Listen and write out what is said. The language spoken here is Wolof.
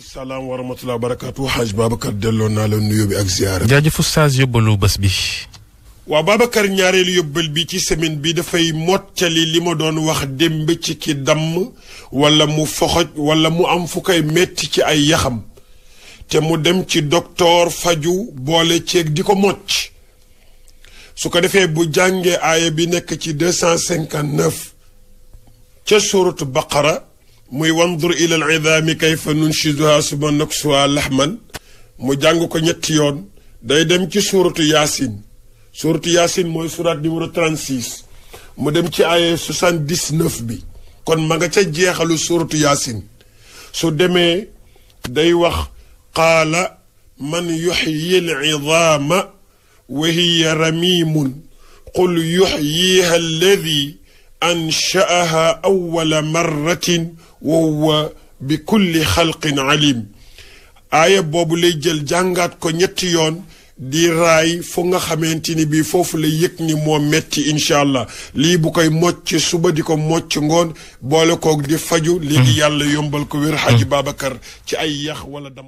salaam wa rahmatulah barakaatu Haj Babacar delloo naa la nuyoo bi ak ziyaara. jaajëf oustaz yóbbalu bés bi. waaw Babacar ñaareelu yóbbal bi ci semaine bi dafay mottali li ma doon wax démb ci ki damm wala mu foxoj wala mu am fu metti ci ay yaxam te mu dem ci docteur faju boole ceeg di ko mocc su ko defee bu jàngee aaya bi nekk ci 259 ca suuratu baqara muy wandur ila al idaami kayfa nunshizuha suma naksuha laxman mu jàng ko ñetti yoon day dem ci suuratu yaasin suuratu yaasin mooy surat numéro 36 mu dem ci ay 79 bi kon ma nga ca jeexalu suuratu yaasin su demee day wax qaala man yuxyi al idaama wa hiya ramimun qul yuxyiha alladi ansha'aha awwala marratin wa huwa bi kulli xalqin alim aaya boobu lay jël jàngaat ko ñetti yoon di raay foo nga xamante ni bii foofu la yëg ni moo metti incha allah lii bu koy mocc suba di ko mocc ngoon boole koog di faju hmm. lii di yàlla yombal ko wér xaaji Babacar ci ay yax wala dam